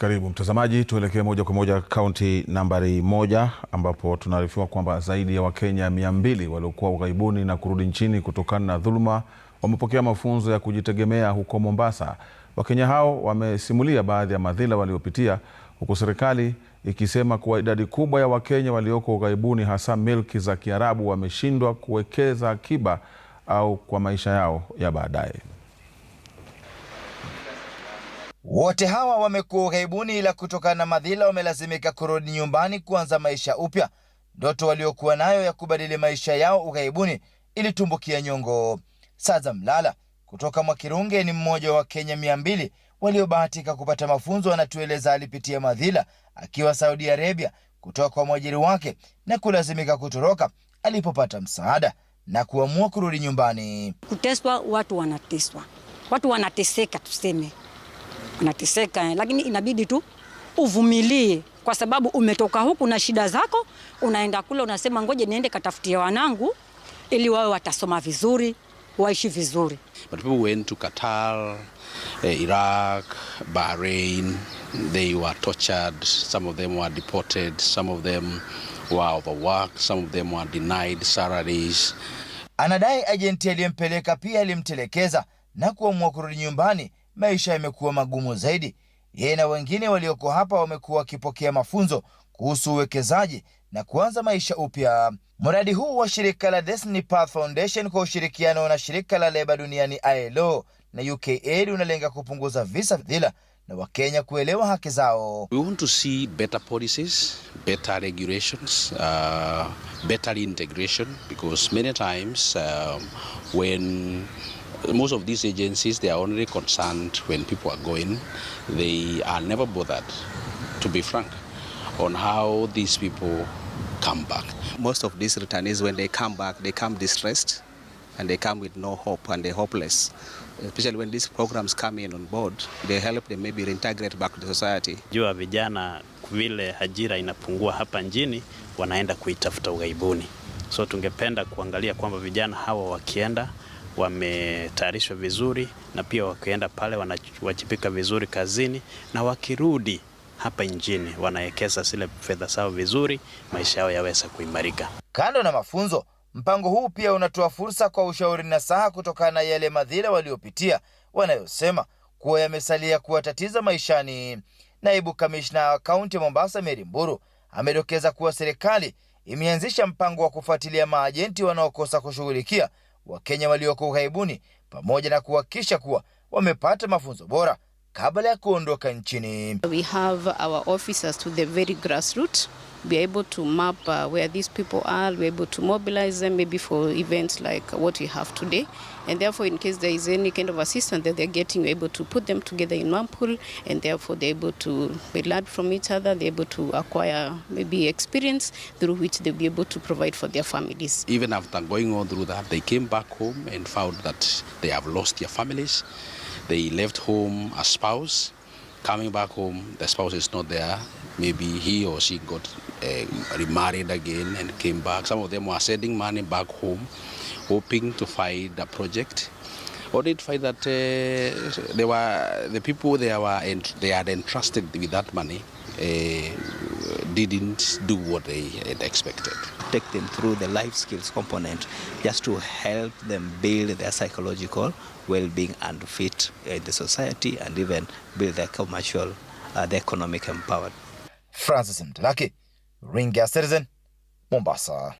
Karibu mtazamaji, tuelekee moja kwa moja kaunti nambari moja ambapo tunaarifiwa kwamba zaidi ya Wakenya mia mbili waliokuwa ughaibuni na kurudi nchini kutokana na dhuluma wamepokea mafunzo ya kujitegemea huko Mombasa. Wakenya hao wamesimulia baadhi ya madhila waliopitia, huku serikali ikisema kuwa idadi kubwa ya Wakenya walioko ughaibuni, hasa milki za Kiarabu, wameshindwa kuwekeza akiba au kwa maisha yao ya baadaye. Wote hawa wamekuwa ughaibuni, ila kutokana na madhila wamelazimika kurudi nyumbani kuanza maisha upya. Ndoto waliokuwa nayo ya kubadili maisha yao ughaibuni ilitumbukia nyongo. Saza Mlala kutoka Mwakirunge ni mmoja wa Kenya mia mbili waliobahatika kupata mafunzo. Anatueleza alipitia madhila akiwa Saudi Arabia kutoka kwa mwajiri wake na kulazimika kutoroka alipopata msaada na kuamua kurudi nyumbani. Kuteswa, watu wanateswa, watu wanateseka, tuseme unateseka, eh, lakini inabidi tu uvumilie, kwa sababu umetoka huku na shida zako, unaenda kule unasema ngoje niende katafutie wanangu ili wawe watasoma vizuri, waishi vizuri. But people went to Qatar, eh, Iraq, Bahrain. They were tortured. Some of them were deported. Some of them were overworked. Some of them were denied salaries. Anadai ajenti aliyempeleka pia alimtelekeza na kuamua kurudi nyumbani maisha yamekuwa magumu zaidi. Yeye na wengine walioko hapa wamekuwa wakipokea mafunzo kuhusu uwekezaji na kuanza maisha upya. Mradi huu wa shirika la Destiny Path Foundation kwa ushirikiano na shirika la leba duniani ILO na UKAID unalenga kupunguza visa dhila na Wakenya kuelewa haki zao. We want to see better policies, better regulations, uh, better integration because many times um, when most of these agencies, they are only concerned when people are going. They are never bothered, to be frank, on how these people come back. Most of these returnees, when they come back, they come distressed and they come with no hope and they're hopeless. Especially when these programs come in on board, they help them maybe reintegrate back to the society. Jua vijana vile ajira inapungua hapa nchini, wanaenda kuitafuta ughaibuni. So tungependa kuangalia kwamba vijana hawa wakienda wametayarishwa vizuri, na pia wakienda pale wanawajibika vizuri kazini, na wakirudi hapa nchini wanawekeza zile fedha zao vizuri, maisha yao yaweza kuimarika. Kando na mafunzo, mpango huu pia unatoa fursa kwa ushauri na saha kutokana na yale madhila waliopitia wanayosema kuwa yamesalia kuwatatiza maishani. Naibu kamishna wa kaunti ya Mombasa meri Mburu amedokeza kuwa serikali imeanzisha mpango wa kufuatilia maajenti wanaokosa kushughulikia Wakenya walioko ughaibuni pamoja na kuhakikisha kuwa wamepata mafunzo bora kabla ya kuondoka nchini. We have our officers to the very grassroots be able to map uh, where these people are, be able to mobilize them maybe for events like what we have today. And therefore, in case there is any kind of assistance that they're getting, we're able to put them together in one pool and therefore they're able to learn from each other, they're able to acquire maybe experience through which they'll be able to provide for their families. Even after going on through that, they came back home and found that they have lost their families. They left home a spouse Coming back home, the spouse is not there. Maybe he or she got uh, remarried again and came back. Some of them were sending money back home, hoping to find a project. Or did find that uh, they were the people they were they had entrusted with that money. Uh, didn't do what they had expected. Take them through the life skills component just to help them build their psychological well-being and fit in uh, the society and even build their commercial, uh, their economic empowerment. Francis Mtalaki, Ringa Citizen, Mombasa.